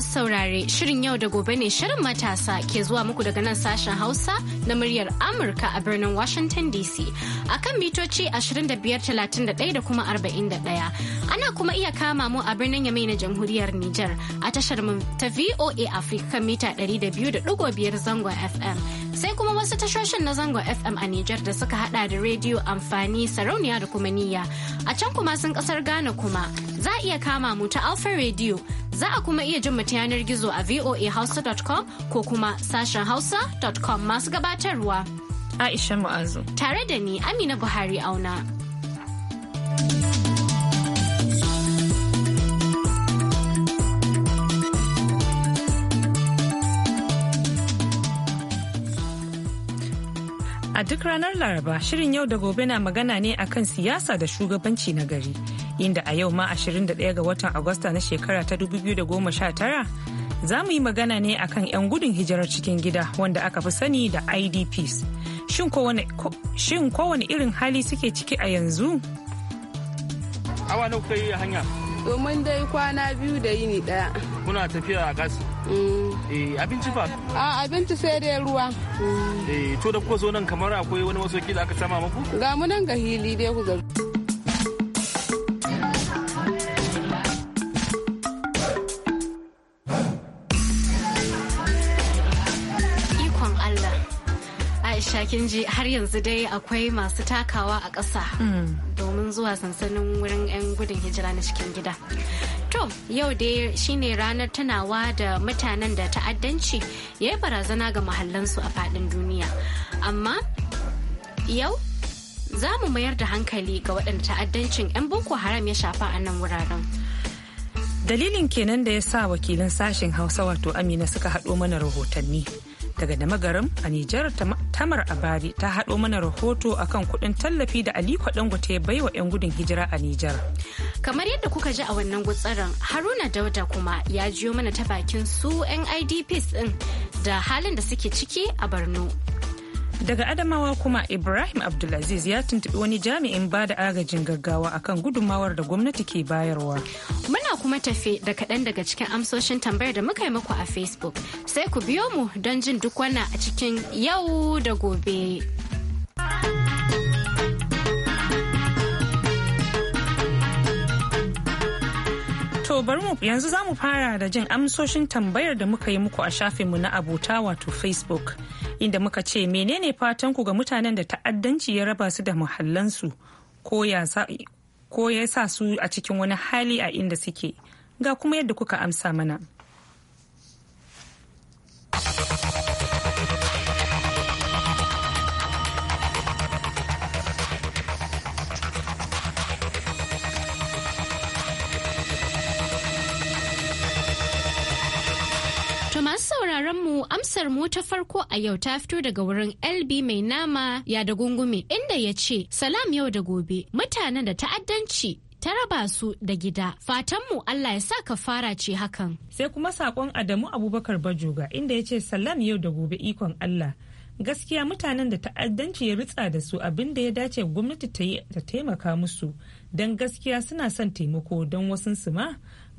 masu saurare shirin yau da gobe ne shirin matasa ke zuwa muku daga nan sashen Hausa na muryar Amurka a birnin Washington DC A kan mitoci 2531 da kuma 41. Ana kuma iya kama mu a birnin Yamai na jamhuriyar Nijar a tashar ta VOA Africa mita 200.5 zangon FM. Sai kuma wasu tashoshin na zango FM a Nijar da suka hada da rediyo amfani sarauniya da kuma niyya. A can kuma sun kasar Ghana kuma za a iya kama mu ta Alpha Radio za a kuma iya jin yanar gizo a voahausa.com ko kuma sashen hausa.com masu gabatarwa. Aisha Mu'azu. Tare da ni Amina Buhari auna. A duk ranar Laraba shirin yau da gobe na magana ne akan siyasa da shugabanci na gari. Inda a yau ma 21 ga watan Agusta na shekara ta 2019 za mu yi magana ne akan 'yan gudun hijirar cikin gida wanda aka fi sani da IDPs. Shin kowane irin hali suke ciki a yanzu? Awa na kuka yi hanya. domin dai kwana biyu da yini daya kuna tafiya a gas mm. eh, abinci fa a abinci sai dai ruwa eh to da kuka zo nan kamar akwai wani masoki da aka sama muku ga mu nan ga hili dai ku zaru kin ji har yanzu dai akwai masu takawa a ƙasa domin zuwa sansanin wurin 'yan gudun hijira na cikin gida. To, yau dai shine ranar tunawa da mutanen da ta'addanci ya yi barazana ga mahallansu a faɗin duniya. Amma yau za mu mayar da hankali ga waɗanda ta'addancin 'yan boko haram ya shafa a nan wuraren. Dalilin kenan da ya sa wakilin sashen Hausa wato Amina suka haɗo mana rahotanni. daga dama garin a Nijar Tamar Abari ta haɗo mana rahoto akan kuɗin tallafi da Aliko Dangote ya baiwa 'yan gudun hijira a Nijar. Kamar yadda kuka ji a wannan gutsarin Haruna Dauda kuma ya jiyo mana ta bakin su 'yan IDPs ɗin da halin da suke ciki a barno. daga adamawa kuma ibrahim abdulaziz ya tuntubi wani jami'in ba da agajin gaggawa akan gudunmawar da gwamnati ke bayarwa muna kuma tafe da kaɗan daga cikin amsoshin tambayar da muka yi muku a facebook sai ku biyo mu don jin duk wannan a cikin yau da gobe To bari mu yanzu za mu fara da jin amsoshin tambayar da muka yi muku a shafinmu na abota wato facebook inda muka ce menene fatan ku ga mutanen da ta'addanci ya raba su da muhallansu ko ya sa su a cikin wani hali a inda suke ga kuma yadda kuka amsa mana. sauraron mu amsar mu ta farko a yau ta fito daga wurin LB mai nama ya da gungume inda ya ce salam yau da gobe mutanen da ta'addanci ta raba su da gida. Fatanmu Allah ya sa ka fara ce hakan. Sai kuma sakon Adamu Abubakar Bajoga inda ya ce salam yau da gobe ikon Allah. Gaskiya mutanen da ta'addanci ya ritsa da su abin da ya dace gwamnati ta yi ta taimaka musu don gaskiya suna son taimako don wasu su ma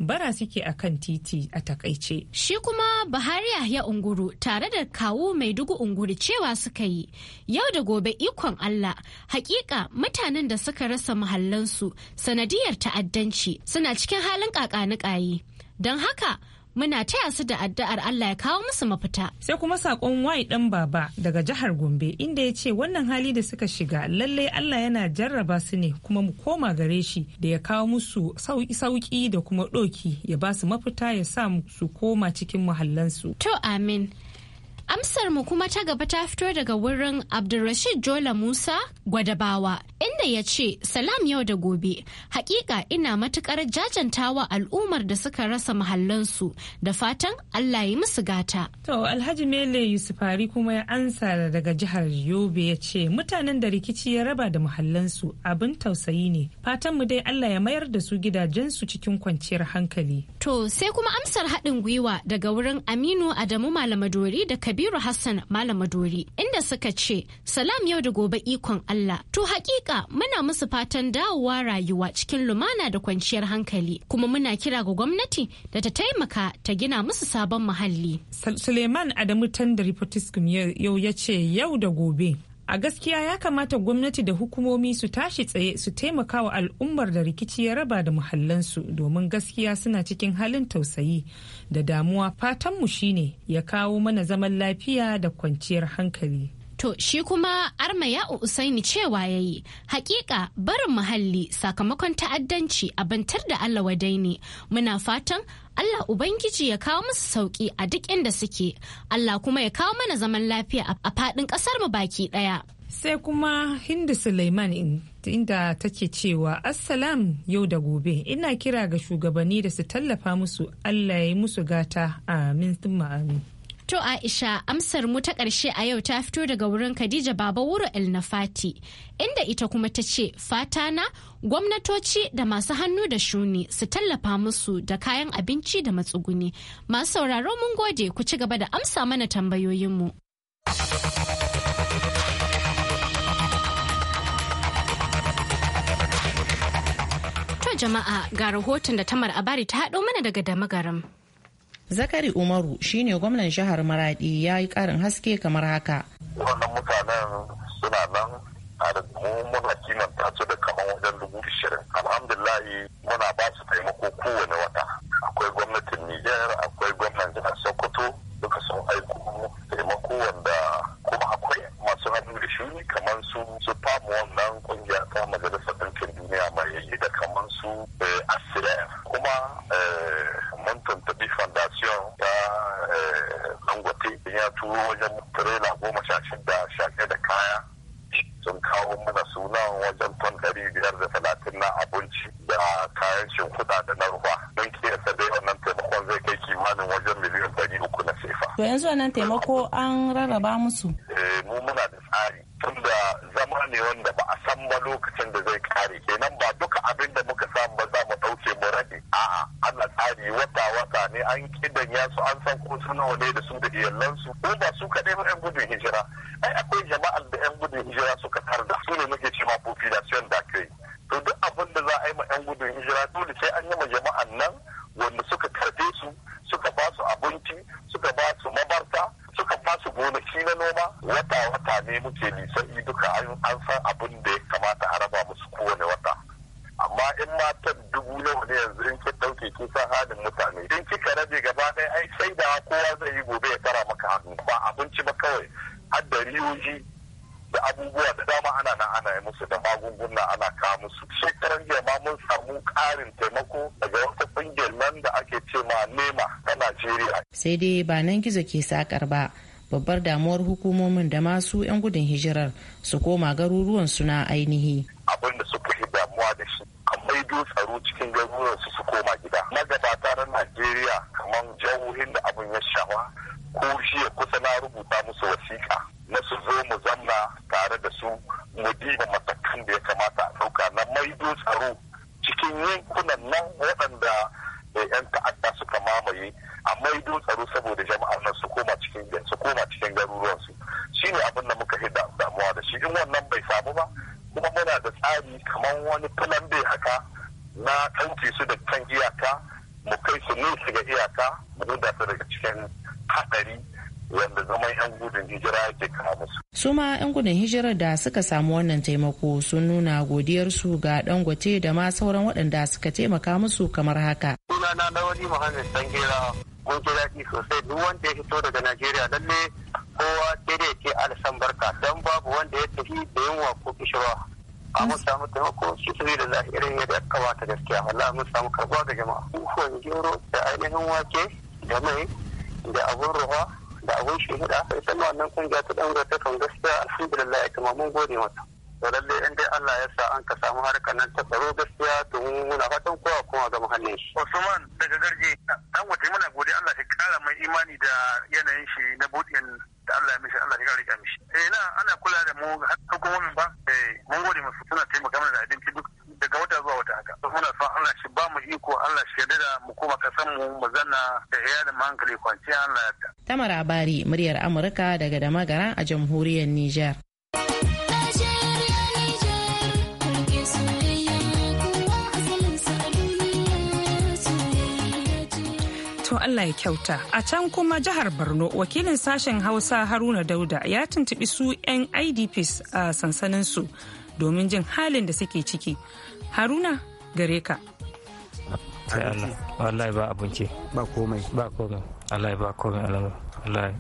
bara suke a kan titi a takaice. Shi kuma Buhari ya Unguru tare da kawo mai dugu Unguru cewa suka yi yau da gobe ikon Allah hakika mutanen da suka rasa mahallansu sanadiyar ta'addanci suna cikin halin kakanikaye Don haka muna taya su da addu'ar Allah ya kawo musu mafita. Sai kuma sakon wai dan baba daga jihar Gombe inda ya ce wannan hali da suka shiga lallai Allah yana jarraba su ne kuma mu koma gare shi da ya kawo musu sauki sauki da kuma doki ya ba su mafita ya sa su koma cikin muhallansu. To amin. Amsar mu kuma ta gaba ta fito daga wurin Abdulrashid Jola Musa Gwadabawa wanda ya ce salam yau da gobe hakika ina matukar jajantawa al'ummar da suka rasa mahallansu da fatan allah yi musu gata to alhaji mele yusufari kuma ya ansa daga jihar yobe ya ce mutanen da rikici ya raba da mahallansu abin tausayi ne fatan mu dai allah ya mayar da su gidajensu cikin kwanciyar hankali to sai kuma amsar haɗin gwiwa daga wurin aminu adamu malamadori da kabiru hassan malamadori inda suka ce salam yau da gobe ikon allah to hakika muna musu fatan dawowa rayuwa cikin lumana da kwanciyar hankali kuma muna kira ga gwamnati da ta taimaka ta gina musu sabon muhalli. Suleiman Adamu Tandari Fortiskum yau ya ce yau da gobe. A gaskiya ya kamata gwamnati da hukumomi su tashi tsaye su taimaka wa al'ummar da rikici ya raba da muhallansu domin gaskiya suna cikin halin tausayi da damuwa fatanmu shine ya kawo mana zaman lafiya da kwanciyar hankali. To shi kuma arma ya Usaini cewa ya yi, hakika barin muhalli sakamakon ta'addanci abantar da Allah wadai ne, muna fatan Allah Ubangiji ya kawo musu sauki a duk inda suke, Allah kuma ya kawo mana zaman lafiya a faɗin ƙasar mu baki ɗaya. Sai kuma Hindu Suleiman inda take cewa Assalam yau da gobe ina kira ga shugabanni da su tallafa musu Allah ya yi musu gata amin amin. To Aisha amsar mu ta ƙarshe a yau ta fito daga wurin Khadija Baba Wuro El Nafati inda ita kuma ta ce fata na gwamnatoci da masu hannu da shuni su tallafa musu da kayan abinci da matsuguni. Masu sauraro mun gode ku ci gaba da amsa mana tambayoyinmu. To jama'a ga rahoton da Tamar Abari ta haɗo mana daga Damagaram. zakari umaru shine gwamnan jihar maradi ya yi karin haske kamar haka wannan mutanen suna nan a da muna kimanta su da kamar wajen dubu ishirin alhamdulillahi muna ba su taimako kowane wata akwai gwamnatin niger akwai gwamnan jihar sokoto duka sun aiko shi kamar su su famu wannan kungiya ta majalisar ɗinkin duniya mai yayi da kamar su asira eh, kuma eh, mun tuntubi foundation ta eh, dangote ya turo wajen tirela goma sha shida shaƙe da kaya sun kawo mana suna wajen ton ɗari biyar da talatin na abinci da kayan shimfiɗa da na ruwa don kiyasta dai wannan taimakon zai kai kimanin wajen miliyan ɗari uku na sefa. To yanzu wannan taimako an rarraba musu? mu muna tun tunda zama ne wanda ba a san ba lokacin da zai ƙare kenan ba duka abin da muka samu ba za mu ɗauke mu rage a'a ana tsari wata wata ne an ya su an san ko su nawa ne da su da iyalansu ko ba su kaɗai ba 'yan gudun hijira ai akwai jama'ar da 'yan gudun hijira suka tarda su ne muke ce ma sai dai ba nan gizo ke sakar ba babbar damuwar hukumomin da masu 'yan gudun hijirar su koma garuruwan suna ainihi abin da suka yi damuwa da shi maido tsaro cikin garuruwan su su koma gida magabata na najeriya kamar jihohin da abun ya shawa, ko shi ya kusa na rubuta musu wasiƙa na su zo mu zamna tare da su mu diba matakan da ya kamata a ɗauka na maido tsaro cikin yankunan nan waɗanda eh, 'yan ta'adda suka mamaye a maido tsaro saboda jama'ar nan su koma cikin su koma cikin garuruwan su shine abin da muka hidda damuwa da shi in wannan bai samu ba kuma muna da tsari kamar wani plan bai haka na kanke su da kan iyaka mu kai su su ga iyaka mu da su daga cikin hatsari wanda zaman 'yan gudun hijira yake kawo musu. su ma 'yan gudun hijirar da suka samu wannan taimako sun nuna godiyarsu ga dangote da ma sauran waɗanda suka taimaka musu kamar haka. sunana na wani muhammed sangera mun ji daɗi sosai duk wanda ya fito daga najeriya lalle kowa sai da ke alisan barka don babu wanda ya tafi da yunwa ko kishirwa a mun samu taimako su su da zahirin yadda aka kawata gaskiya wala mun samu karbuwa ga jama'a kuhuwan gero da ainihin wake da mai da abun ruwa da abun shi da sai sannan wannan kungiya ta ɗan ta kan gaskiya alhamdulillah ya mun gode mata to lalle in dai Allah ya sa an ka samu harkar nan ta tsaro gaskiya to mu muna fatan kowa kuma ga muhallin shi Usman daga garje dan wata muna godiya Allah ya kara mai imani da yanayin shi na budin da Allah ya mishi Allah ya rika mishi eh na ana kula da mu har min ba eh mun gode musu suna taimaka mana da abinci duk daga wata zuwa wata haka muna son Allah shi ba mu iko Allah shi yarda da mu koma kasan mu mu zanna da iya mu hankali kwanciya Allah ya Tamara Bari muryar Amurka daga Damagara a jamhuriyar Nijar. to Allah ya kyauta. A can kuma jihar Borno wakilin sashen Hausa Haruna Dauda ya tuntuɓi su 'yan IDPs a sansanin su domin jin halin da suke ciki. Haruna gare ka. Allah, wallahi ba abinci. Ba komai. Ba komai. Allah ba komai Allah.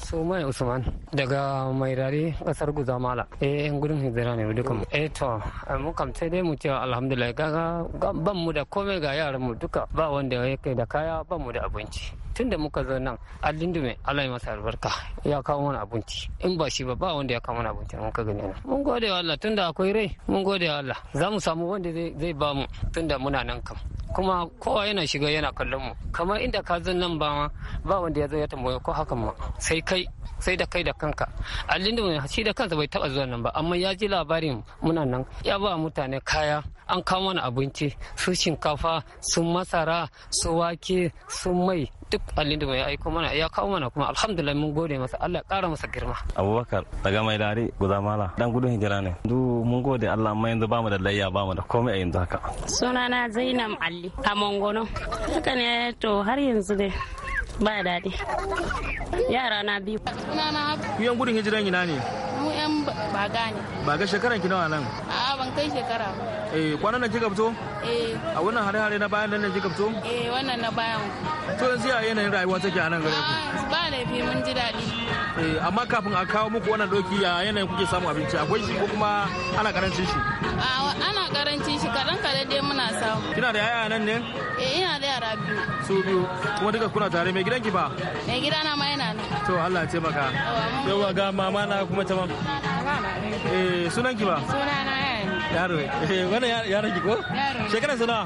sumai usman daga mai rari kasar guzamala eh yan gudun hijira ne duka mu eh to mu kam dai mu ce alhamdulillah kaga ban mu da komai ga yaran mu duka ba wanda yake da kaya ban mu da abinci tun da muka zo nan alindu mai Allah ya masa albarka ya kawo mana abinci in ba shi ba ba wanda ya kawo mana abinci mun ka gani nan mun gode wa Allah tunda akwai rai mun gode wa Allah za mu samu wanda zai ba mu tunda muna nan kam kuma kowa yana shiga yana kallon mu kamar inda ka zo nan ba ba wanda ya zo ya tambaya ko hakan ma sai kai sai da kai da kanka alindu mai shi da kansa bai taba zuwa nan ba amma ya ji labarin muna nan ya ba mutane kaya an kawo mana abinci su shinkafa su masara su wake su mai duk allin da mai aiko mana ya kawo mana kuma alhamdulillah mun gode masa Allah ya kara masa girma abubakar daga mai dare mala dan gudun hijira ne du mun gode Allah amma yanzu bamu da layya bamu da komai a yanzu haka sunana zainab ali a mangono haka ne to har yanzu dai ba daɗi yara na biyu sunana yan gudun hijiran ina ne mu yan baga ne baga shekaran ki nawa nan a ban kai shekara eh kwanan nan kika fito eh a wannan hare-hare na bayan nan kika fito eh wannan na bayan to yanzu ya yanayin rayuwa take a nan gare ku ah, ba fi mun ji daɗi eh amma kafin a kawo muku wannan doki ya yanayin kuke samu abinci akwai shi ko kuma ana karancin shi a ana karancin shi kadan kadan dai muna samu kina da yaya nan ne eh ina da yara biyu su biyu kuma duka kuna tare me gidan ki ba? Mai gida na mai yana nan. To Allah ya taimaka. Yawa ga mama na kuma ta ma. Eh sunan ki ba? Sunana yaro eh, wani yaron ki ko Shekaran suna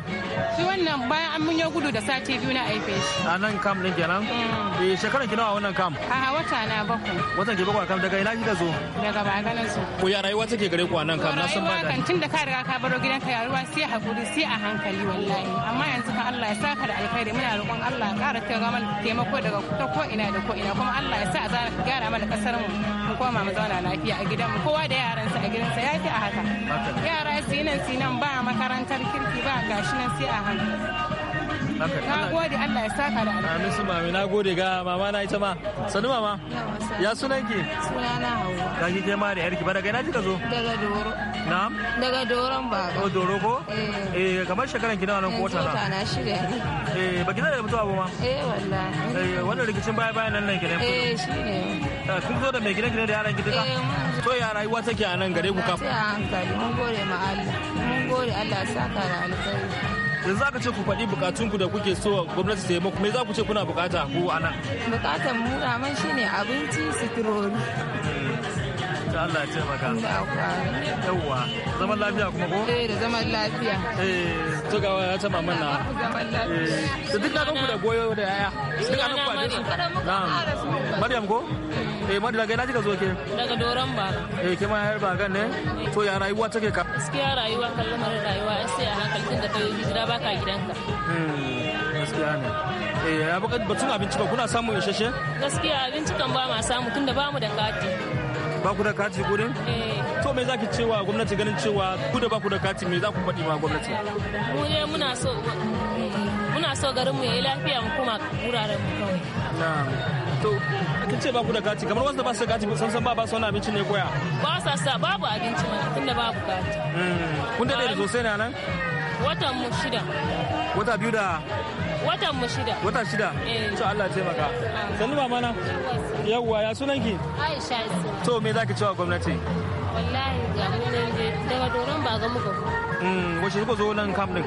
shi wannan bayan an munyo gudu da sati biyu na aife shi a nan kam din kenan mm. eh shekaran ki nawa wannan kam a wata na bakwai watan ki bakwai kam daga ina kika zo daga ba ganin su ko ya rayuwa take gare ku a nan kam na san ba da tun da ka riga ka baro gidan ka yaruwa sai hakuri sai a hankali wallahi amma yanzu fa Allah ya saka da alkhairi muna roƙon Allah ya ƙara taimaka mana taimako daga ta ko ina da ko ina kuma Allah ya sa a gyara mana kasar mu mu koma mu zauna lafiya a gidan mu kowa da sa a sa yafi a haka yara su yi nan su nan ba makarantar kirki ba gashi nan sai a hannu na gode Allah ya saka da alheri amin su mami na gode ga mama na ita ma sanu mama ya sunan ki sunana hawa kaji ke ma da yarki ba daga ina kika zo daga doro na Daga doron ba. ko oh, doro ko? Eh. Eh kamar shekaran ki nawa nan ko eh, wata na? Wata na shida. Eh ba ki da mutuwa ba ma? Eh wallahi. Eh wannan rikicin baya bayan nan nan ne Eh shine. Eh, kun zo da mai gidan gidan da yaran ki duka? Eh, to ya rayuwa take a nan gare ku kafa. Ta hankali mun gode ma Allah. Mun gode Allah saka da alkhairi. yanzu aka ce ku faɗi bukatunku da kuke so gwamnati ta yi muku me za ku ce kuna bukata ku a nan bukatar mu man shine abinci turori. da Allah ya taimaka yawwa zaman lafiya kuma ko eh da zaman lafiya eh to ga ya ta maman na da eh, duk na ku da goyo da yaya duk an kwaje Na'am. Maryam ko eh Maryam daga ina kika zo ke daga doron ba eh ke ma har ba gan ne eh. to ya rayuwa take ka gaskiya rayuwa kallon rayuwa sai a hankalin tun da kai da baka gidanka hmm, gaskiya ne eh batun abinci ba kuna samun isasshe gaskiya abinci kan ba ma samu tunda ba mu da kati ba ku da kati gudun? Eh. to me za ki cewa gwamnati ganin cewa ku da ba ku da kati me za ku faɗi ma gwamnati? mu ne muna so eh, muna so garin mu yayi lafiya mu kuma wuraren mu kawai. to kin ce ba ku da kati kamar wasu ba su kati san san ba ba su wani abinci ne koya? ba sa sa babu abinci ma tunda babu kati. Hmm. kun da da sosai na nan? watan mu shida. wata biyu da Watan mu shida. Watan shida? Eh. To Allah ya taimaka. Sannu ba mana? Yawwa ya sunan ki? Aisha To me zaki cewa gwamnati? Wallahi ga mu nan daga doron ba ga muka. mmm wace kuka zo nan kam din?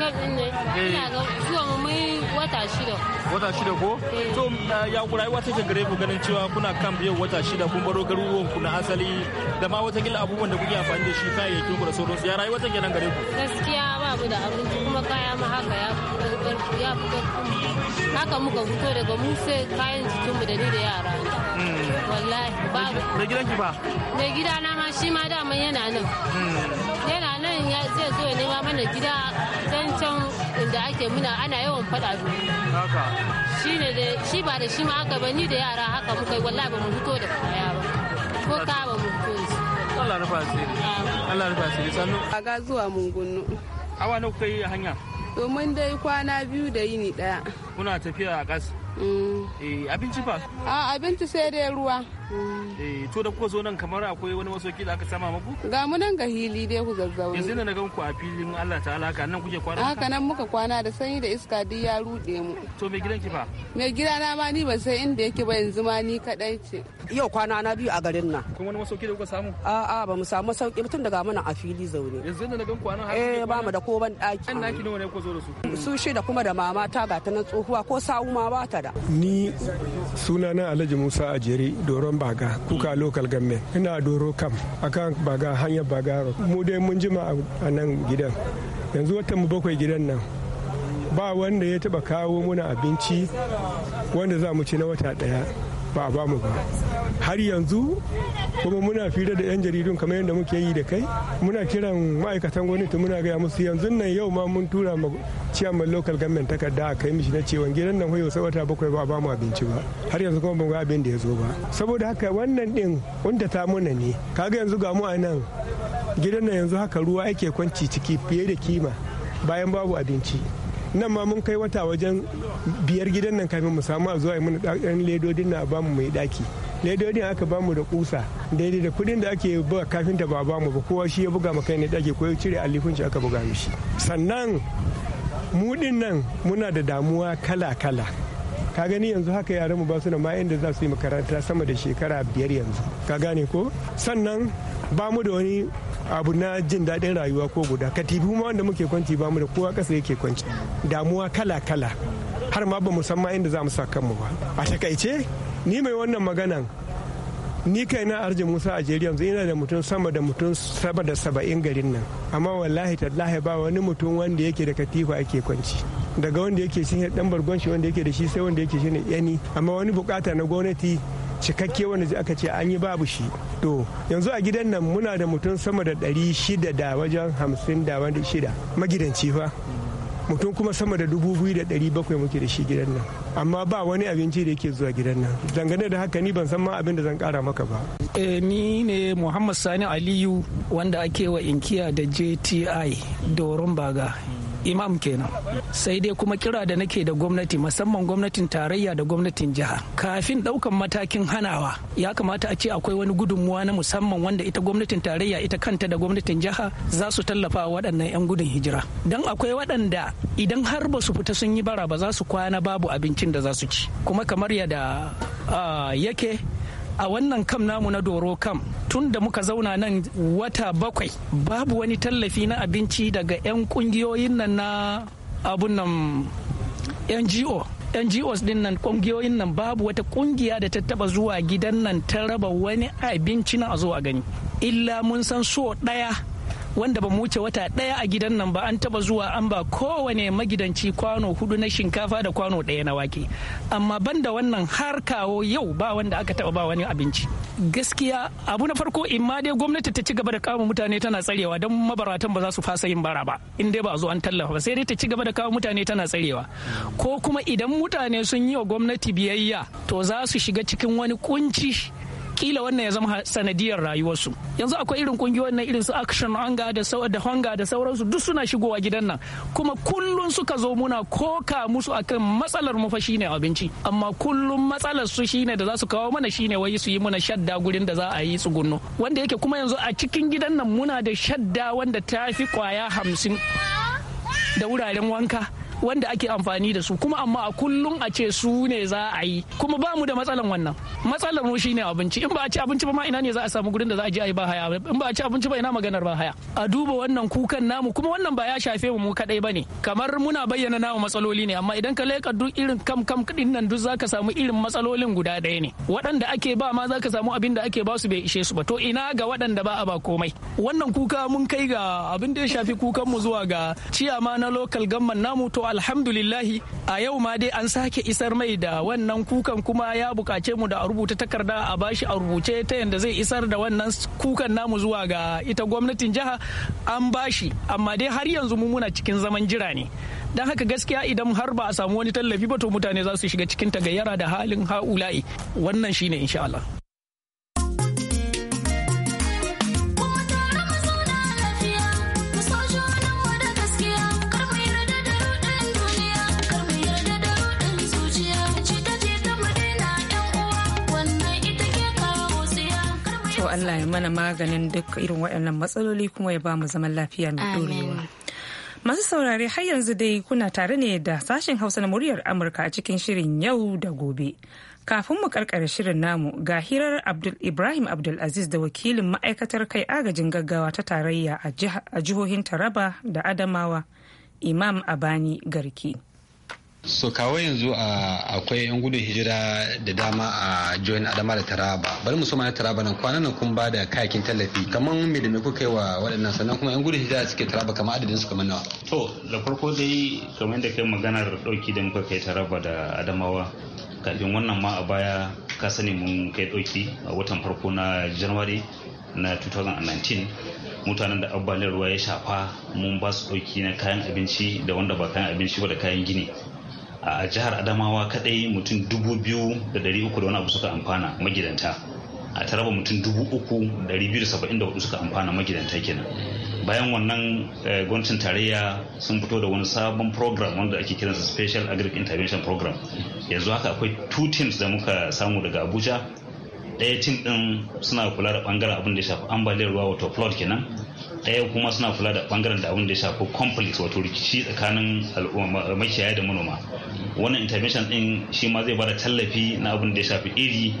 din ne. Eh. Ina ga zuwa mu mun Wata shida. Wata shida ko? Eh. To eh, ya ku rayuwa wata gare ku ganin cewa kuna kan biyan wata shida kun baro garuruwan ku na asali da ma wata kila abubuwan da kuke amfani da shi kayayyakin ku da sauransu ya rayuwa take nan gare ku. Gaskiya ba mu da abinci kuma kaya ma haka ya fi ya haka muka fito daga mu sai kayan mu da ni da yara. Hmm. Wallahi babu. Da gidanki ba? gida na ma shi ma daman yana nan. Hmm. Yana nan zai zo ya nema mana gida can can inda ake muna ana yawan faɗa haka shi ne da shi ba da shi ma haka ba ni da yara haka muka yi wallahi ba mu fito da kaya ba ko ka ba mu fito da Allah rufa asiri Allah rufa asiri sannu a ga zuwa mungunnu awa nawa kuka yi hanya domin dai kwana biyu da yini daya kuna tafiya a ƙasa Eh, eh, abinci fa? A abinci sai dai ruwa. Eh, to da kuka zo nan kamar akwai wani masoki da aka sama muku? Ga mu nan ga hili dai ku zazzauna. Yanzu na ga ku a filin Allah ta alaka nan kuke kwana. Haka nan muka kwana da sanyi da iska duk ya rude mu. To me gidan ki fa? Me gida na ma ni ba sai inda yake ba yanzu ma ni kadai ce. Yau kwana na biyu a garin nan. Kun wani masoki da kuka samu? A a ba mu samu sauki tun daga mana a fili zaune. Yanzu na gan kwana har Eh ba mu da ko ban daki. Kan naki nawa ne ku zo da su? Su da kuma da mama ta ga ta na tsohuwa ko sawu ma ba ta da. da. Ni sunana Alhaji Musa Ajeri Doron Baga kuka mm. local government ina Doro kam akan Baga hanyar Baga mu dai mun jima a nan gidan yanzu watan mu bakwai gidan nan ba wanda ya taba kawo muna abinci wanda za mu ci na wata daya ba ba mu ba har yanzu kuma muna fira da 'yan jaridun kamar yadda muke yi da kai muna kiran ma'aikatan gwamnati muna gaya musu yanzu nan yau ma mun tura ma ciyaman local government takarda a kai mishi na cewa gidan nan hoyo sai wata bakwai ba ba mu abinci ba har yanzu kuma ban ga abin da ya zo ba saboda haka wannan din wanda ta muna ne kaga yanzu ga mu a nan gidan nan yanzu haka ruwa ake kwanci ciki fiye da kima bayan babu abinci nan ma mun kai wata wajen biyar gidan nan kafin mu samu a zuwa yi mana ɗan ledodin na ba mu mai daki ledodin aka ba mu da kusa daidai da kuɗin da ake buga kafin da ba ba mu ba kowa shi ya buga ma kai ne daki ko ya cire alifin shi aka buga mishi sannan mudin nan muna da damuwa kala-kala ka gani yanzu haka yaran mu ba su da ma inda za su yi makaranta sama da shekara biyar yanzu ka gane ko sannan ba mu da wani abu na jin daɗin rayuwa ko guda katifi ma wanda muke kwanci ba mu da kowa ƙasa yake kwanci damuwa kala kala har ma ba musamma inda za mu sa kanmu ba a takaice ni mai wannan maganan ni kai na arjin musa a jeriya yanzu ina da mutum sama da mutum saba da saba'in garin nan amma wallahi tallahi ba wani mutum wanda yake da katifa ake kwanci daga wanda yake shi dan bargon shi wanda yake da shi sai wanda yake shi ne yani amma wani bukata na gwamnati cikakke wanda aka ce an yi babu shi to yanzu a gidan nan muna da mutum sama da ɗari shida da wajen hamsin da wanda shida magidanci fa mutum kuma sama da dubu biyu da ɗari bakwai muke da shi gidan nan amma ba wani abinci da yake zuwa gidan nan dangane da haka ni ban san ma abin da zan kara maka ba eh ni ne muhammad sani aliyu wanda ake wa inkiya da jti doron baga imam kenan sai dai kuma kira da nake da gwamnati musamman gwamnatin tarayya da gwamnatin jiha kafin daukan matakin hanawa ya kamata a ce akwai wani gudunmuwa na musamman wanda ita gwamnatin tarayya ita kanta da gwamnatin jiha za su tallafa waɗannan 'yan gudun hijira don akwai waɗanda idan har ba su fita sun yi bara ba za su kwana babu abinci abincin da za su ci kuma kamar yadda yake a wannan kam namu na doro kam tun da muka zauna nan wata bakwai babu wani tallafi na abinci daga 'yan kungiyoyin nan na abun nan ngo ngos din nan kungiyoyin nan babu wata kungiya da ta taba zuwa gidan nan ta raba wani abinci na a zo a gani illa mun san so ɗaya. wanda ba mu wuce wata ɗaya a gidan nan ba an taba zuwa an ba kowane magidanci kwano hudu na shinkafa da kwano ɗaya na wake amma banda wannan har kawo yau ba wanda aka taba ba wani abinci gaskiya abu na farko in ma dai gwamnati ta ci gaba da kama mutane tana tsarewa don mabaratan ba za su fasa yin bara ba in dai ba zo an tallafa ba sai dai ta ci gaba da kawo mutane tana tsarewa ko kuma idan mutane sun yi wa gwamnati biyayya to za su shiga cikin wani kunci kila wannan ya zama sanadiyar rayuwarsu yanzu akwai irin kungiyoyin na irin su action hanga da da hanga da sauransu duk suna shigowa gidan nan kuma kullum suka zo muna koka musu akan matsalar mu fa shine abinci amma kullum matsalar su shine da za su kawo mana shine wai su yi muna shadda gurin da za a yi tsugunno wanda yake kuma yanzu a cikin gidan nan muna da shadda wanda ta fi kwaya hamsin da wuraren wanka wanda ake amfani da su kuma amma a kullum a ce su ne za a yi kuma ba mu da matsalan wannan matsalar mu shine abinci in ba a ci abinci ba ma ina ne za a samu gurin da za a je a yi ba haya in ba a ci abinci ba ina maganar ba haya a duba wannan kukan namu kuma wannan ba ya shafe mu mu kadai bane kamar muna bayyana namu matsaloli ne amma idan ka leka duk irin kam kam din nan duk zaka samu irin matsalolin guda daya ne waɗanda ake ba ma zaka samu abin da ake ba su bai ishe su ba to ina ga waɗanda ba a ba komai wannan kuka mun kai ga abin da ya shafi kukan mu zuwa ga ciyama na local gamman namu to alhamdulillah a yau ma dai an sake isar mai da wannan kukan kuma ya bukace mu da a rubuta takarda a bashi a rubuce ta yadda zai isar da wannan kukan namu zuwa ga ita gwamnatin jiha an bashi amma dai har yanzu mu muna cikin zaman jira ne don haka gaskiya idan har ba a samu wani tallafi ba to mutane za su shiga cikin tagayyara da halin ha'ula'i wannan shine insha Allah Allah ya mana maganin duk irin waɗannan matsaloli kuma ya ba mu zaman lafiya mai ɗorewa. Masu saurare har yanzu dai kuna tare ne da sashen Hausa na muryar Amurka a cikin shirin yau da gobe. Kafin mu karkare shirin namu ga hirar Abdul Ibrahim Abdulaziz da wakilin ma'aikatar kai agajin gaggawa ta tarayya a jihohin Taraba da Adamawa, Imam Abani Garki. so kawo yanzu akwai yan gudun hijira da dama a join adama da taraba bari mu soma na taraba nan kwanan nan kun ba da kayakin tallafi kamar me da me kuka wa waɗannan sannan kuma yan gudun hijira suke taraba kamar adadin su kamar nawa to da farko dai kamar da kai maganar dauki da muka kai taraba da adamawa kafin wannan ma a baya ka sani mun kai dauki a watan farko na january na 2019 mutanen da abbalin ruwa ya shafa mun ba su ɗauki na kayan abinci da wanda ba kayan abinci ba da kayan gini a jihar adamawa kadai mutum dubu biyu da dari uku da wani abu suka amfana magidanta a taraba mutum dubu uku dari biyu da saba'in da hudu suka amfana magidanta kenan bayan wannan eh, gwamnatin tarayya sun fito da wani sabon program wanda ake kiransa special agric intervention program yanzu haka akwai two teams da muka samu daga abuja ɗaya tim ɗin suna kula da ɓangaren abin da ya shafi ambaliyar ruwa wato flood kenan ɗaya kuma suna kula da bangaren da abin da ya shafi complex wato rikici tsakanin makiyaya da manoma wannan intervention din shi ma zai bada tallafi na abin da ya shafi iri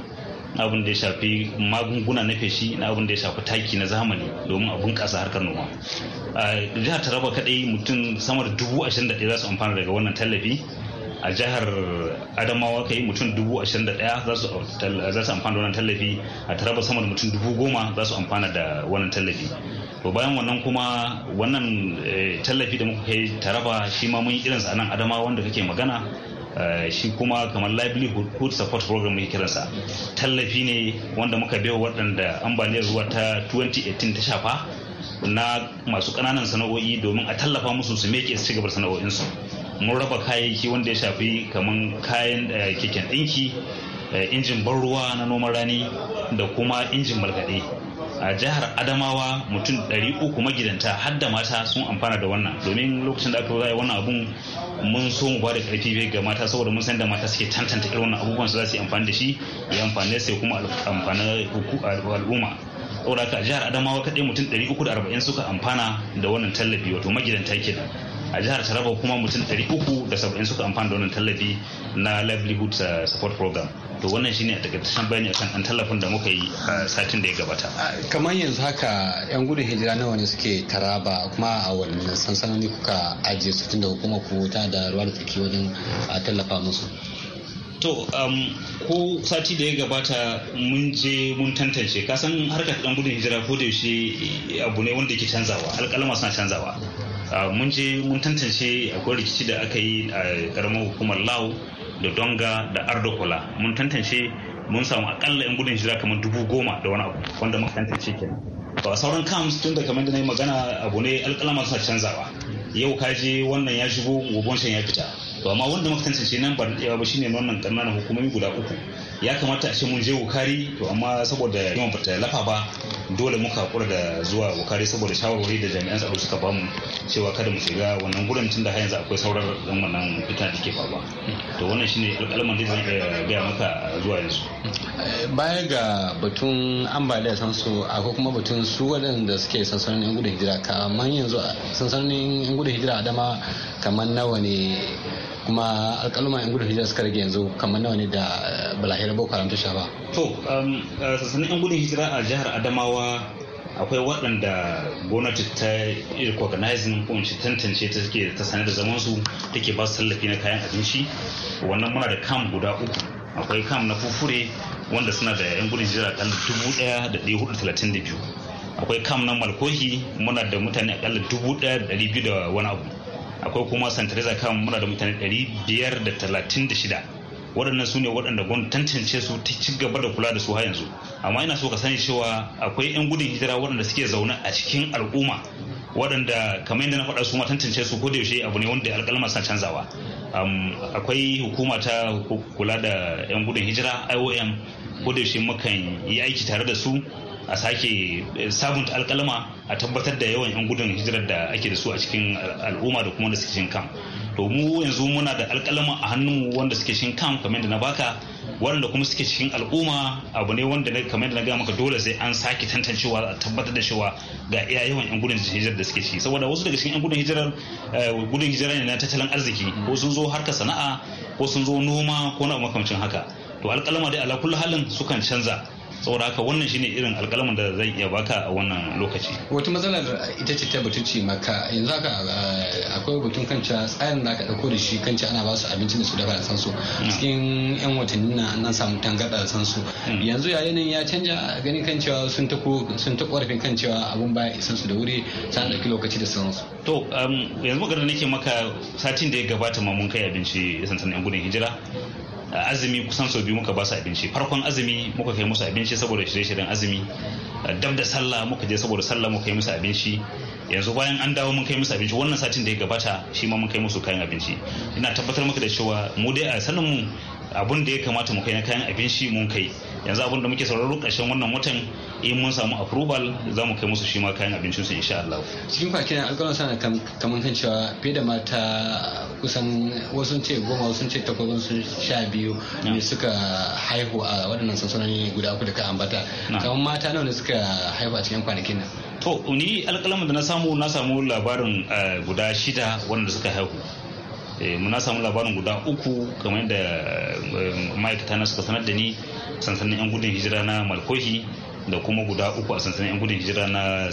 na abin da ya shafi magunguna na feshi na abin da ya shafi taki na zamani domin a bunƙasa harkar noma a jihar taraba kadai mutum sama da dubu ashirin da ɗaya za su amfana daga wannan tallafi a jihar adamawa kai mutum dubu ashirin da ɗaya za su amfana da wannan tallafi a taraba sama da mutum dubu goma za su amfana da wannan tallafi to bayan wannan kuma wannan eh, tallafi da muka kai taraba shi ma mun irinsa a nan adamawa wanda kake magana eh, shi kuma kamar livelihood support program muke kiransa tallafi ne wanda muka bai waɗanda ambaliyar ruwa ta 2018 ta shafa na masu ƙananan sana'o'i domin a tallafa musu su meke su ci gaba sana'o'insu mun raba kayayyaki wanda ya shafi kamar kayan eh, keken ɗinki eh, injin ban ruwa na noman rani da kuma injin markaɗe a jihar adamawa mutum 300 magidanta har da mata sun amfana da wannan domin lokacin da aka zai wannan abun mun so mu ba da karfi ga mata saboda mun san da mata suke tantanta irin wannan abubuwan su za su yi amfani da shi ya amfani sai kuma amfani al'umma saboda ka jihar adamawa kaɗai mutum 340 suka amfana da wannan tallafi wato magidanta kenan a jihar taraba kuma mutum uku da 370 suka amfana da wannan tallafi na livelihood uh, support program to wannan shine a takaitaccen bayani akan an tallafin da muka yi a uh, satin da ya gabata kamar yanzu haka yan gudun hijira nawa ne suke taraba kuma a wannan sansanoni kuka ajiye su tunda hukumar ku ta da ruwa da tsaki wajen uh, tallafa musu to um, ko sati da ya gabata mun je mun tantance kasan harkar dan gudun hijira ko da yaushe abu ne wanda ke canzawa alƙalama suna canzawa uh, mun je mun tantance akwai rikici da aka yi a karamar hukumar lau da donga da ardokola mun tantance mun samu akalla yan gudun hijira kamar dubu goma da wani abu wanda muka tantance kenan ba sauran kams tun da kamar da na yi magana abu ne alƙalama suna canzawa yau ka je wannan ya shigo gobon shan ya fita to amma wanda muka tantance nan ba ya ba shine wannan ƙananan hukumomi guda uku ya kamata a ce mun je wukari to amma saboda yawan bata lafa ba dole muka hakura da zuwa wukari saboda shawarwari da jami'an tsaro suka bamu cewa kada mu shiga wannan gurin tun da yanzu akwai sauran ɗan wannan fita da ke faruwa to wannan shine alƙalman da zai gaya maka zuwa yanzu eh, baya ga batun ambaliya san su akwai kuma batun su waɗanda suke sansanin yan gudun hijira kamar yanzu sansanin yan gudun hijira a dama kamar nawa ne kuma alƙaluma yan gudun hijira suka rage yanzu kamar nawa ne da eh, balahira boko haram ta sha ba to um, eh, sassanin yan gudun hijira a jihar adamawa akwai waɗanda gwamnati ta recognizing ko in tantance ta suke ta sanar da zaman su take ba su tallafi na kayan abinci wannan muna da kam guda uku akwai kam na fufure wanda suna da yan gudun hijira kan dubu ɗaya da ɗaya hudu talatin da biyu akwai kam na malkohi muna da mutane akalla dubu ɗaya da ɗari biyu da wani abu akwai kuma santariza kan muna da mutane 536 waɗannan su ne waɗanda gwamnati tantance su ta ci gaba da kula da su har yanzu amma ina so ka sani cewa akwai 'yan gudun hijira waɗanda suke zaune a cikin al'umma waɗanda kamar yadda na faɗa su ma tantance su ko da yaushe abu ne wanda alƙalma suna canzawa akwai hukuma ta kula da 'yan gudun hijira IOM ko da yaushe mukan yi aiki tare da su a sake eh, sabunta alkalama a tabbatar da yawan 'yan gudun hijirar da ake da su a cikin al'umma da kuma da suke shinkan to mu yanzu muna da alkalama a hannun wanda suke shinkan kamar da na baka wanda kuma suke cikin al'umma abu ne wanda kamar da na gaya maka dole sai an sake tantancewa a tabbatar da cewa ga iya yawan yan gudun hijirar da suke ci saboda wasu daga cikin yan gudun hijirar eh, gudun hijirar ne na tattalin arziki ko sun zo harka sana'a ko sun zo noma ko na makamcin haka to alƙalama dai ala kullu halin sukan canza saboda haka wannan shine irin alƙalamin da zai iya baka a wannan lokaci wata matsalar ita ce ta batuci maka yanzu haka eh, akwai batun kanca tsarin da aka dauko da shi kanci ana ba su abinci da su dafa da sansu cikin yan watanni na nan samu tangarda da sansu mm. yanzu ya yanayin ya canja ganin kan cewa sun ta sun ta korafin kan cewa abun baya isan su da wuri sa dauki lokaci da sansu to um, yanzu magana nake maka satin da ya gabata ma mun kai abinci isan san yan gudun hijira azumi kusan sau biyu muka ba su abinci farkon azumi muka kai musu abinci saboda shirye-shiryen azumi dab da sallah muka je saboda sallah muka kai musu abinci yanzu bayan an dawo mun kai musu abinci wannan satin da ya gabata shi ma mun kai musu kayan abinci ina tabbatar maka da cewa mu dai a sanin mu abun da ya kamata mu kai na kayan abinci mun kai yanzu abin da muke sauraro ƙarshen wannan watan in mun samu approval za mu kai musu shi ma kayan abincin su insha Allah cikin kwakin alƙawarin sana kamar kan cewa fiye da mata kusan wasu ce goma wasu ce takwas wasu sha biyu ne suka haihu a waɗannan sansanoni guda uku da ka ambata kamar mata nawa ne suka haihu a cikin kwanakin nan to ni alƙalamin da na samu na samu labarin eh, guda shida wanda suka haihu eh, na samu labarin guda uku kamar yadda eh, ma'aikata na suka sanar da ni sansanin 'yan gudun hijira na malkohi da kuma guda uku a sansanin 'yan gudun hijira na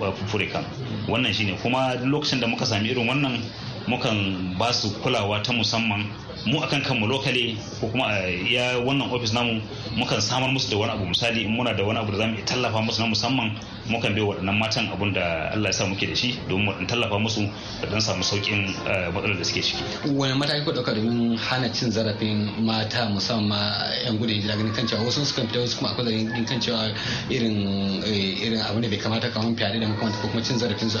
uh, furika wannan shine kuma lokacin da muka sami irin wannan mukan ba su kulawa ta musamman mu akan kanmu lokale ko kuma eh, ya wannan ofis namu mukan samar musu da wani abu misali in muna da wani abu da zamu iya tallafa musu na musamman mukan bai waɗannan matan abun da Allah ya sa muke da shi domin mu tallafa musu da dan samu saukin eh, matsalar da suke ciki wani mataki ko dauka domin hana cin zarafin mata musamman yan gudun hijira ganin kan cewa wasu su kan fita wasu kuma akwai ganin kan cewa irin eh, irin abu ne bai kamata kamar fyaɗe da makamanta ko kuma cin zarafin su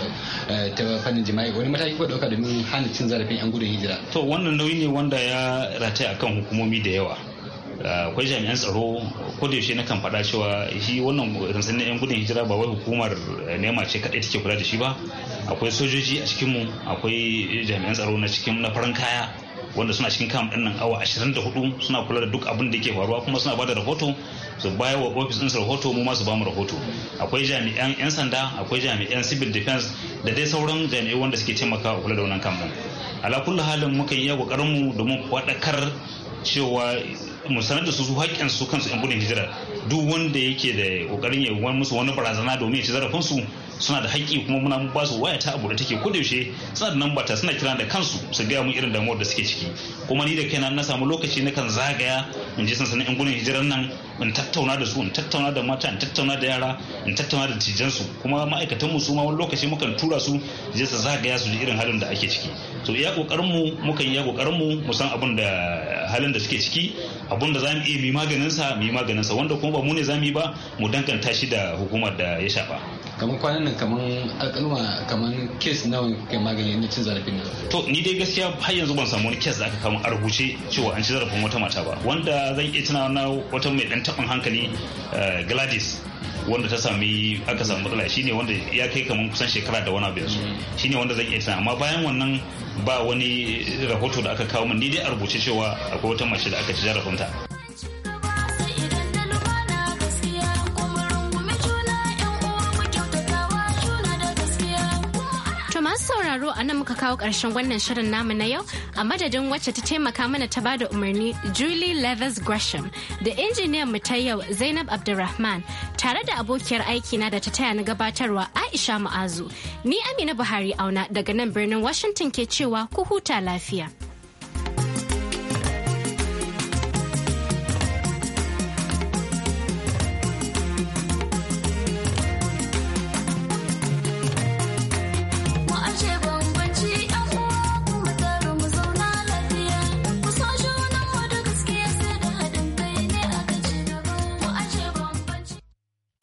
ta fannin jima'i wani mataki ko dauka domin hana cin zarafin yan gudun hijira to wannan nauyi ne wanda ya ya rataya akan hukumomi da yawa ah, akwai jami'an tsaro ko da yaushe na kan faɗa cewa shi wannan rantsan yan gudun hijira ba wai hukumar eh, nema ce kadai take kula da shi ba akwai sojoji a cikinmu akwai jami'an tsaro na cikin na farin kaya wanda suna cikin kam ɗin nan awa 24 suna kula da duk abin da ke faruwa kuma suna bada rahoto su baya wa ofis ɗinsu rahoto mu ma bamu rahoto akwai jami'an 'yan sanda akwai jami'an civil defense da dai sauran jami'ai wanda suke taimakawa kula da wannan kam ala kulli halin mukan iya kokarin mu domin faɗakar cewa mu sanar da su su haƙƙin su kansu yan gudun hijira duk wanda yake da kokarin ya musu wani barazana domin ya ci zarafin su suna da haƙƙi kuma muna ba su waya ta abu da take yaushe suna da namba ta suna kira da kansu su gaya mu irin damuwar da suke ciki kuma ni da kaina na samu lokaci na kan zagaya in je sansanin yan gudun hijiran nan in tattauna da su in tattauna da mata in tattauna da yara in tattauna da su kuma ma'aikatan mu su ma wani lokaci mukan tura su je su zagaya su ji irin halin da ake ciki to iya kokarin mu mukan iya kokarin mu mu san abin da halin da suke ciki abin da zamu iya mu maganin sa mu maganin sa wanda kuma ba mu ne zamu yi ba mu danganta shi da hukumar da ya shafa kamar kwanan nan kamar alƙaluma kamar kes nawa kai magani na cin zarafin nan to ni dai gaskiya har yanzu ban samu wani kes da aka kama a rubuce cewa an ci zarafin wata mata ba wanda zan iya tunawa na wata mai dan taɓin hankali eh, Gladys wanda ta sami aka samu matsala shine wanda ya kai kamar kusan shekara da wani abin su shine wanda zan iya tunawa amma bayan wannan ba wani rahoto da aka kawo min ni dai a rubuce cewa akwai wata mace da aka ci zarafinta sauraro a nan muka kawo ƙarshen wannan shirin namu na yau a madadin wacce ta taimaka mana ta bada umarni Julie Leathers Gresham da injiniyan mu ta yau Zainab Abdulrahman tare da abokiyar aiki na da ta taya na gabatarwa Aisha Mu'azu. Ni Amina Buhari auna daga nan birnin Washington ke cewa ku huta lafiya.